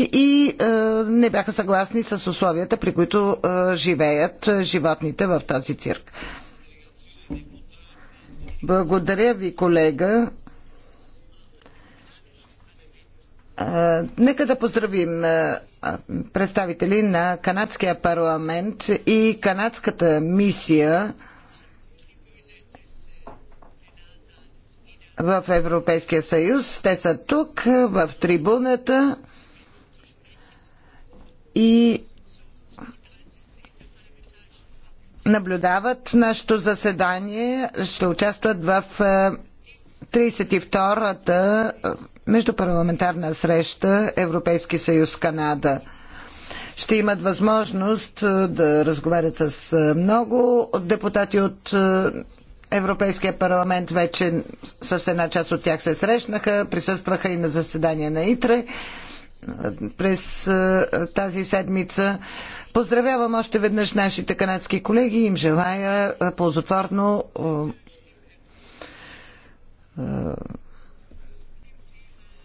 и е, не бяха съгласни с условията, при които е, живеят е, животните в този цирк. Благодаря ви, колега. Е, нека да поздравим е, представители на Канадския парламент и канадската мисия в Европейския съюз. Те са тук, в трибуната и наблюдават нашето заседание, ще участват в 32-та е, е, междупарламентарна среща Европейски съюз Канада. Ще имат възможност е, да разговарят с много депутати от Европейския парламент. Вече с една част от тях се срещнаха, присъстваха и на заседание на ИТРЕ през тази седмица. Поздравявам още веднъж нашите канадски колеги и им желая ползотворно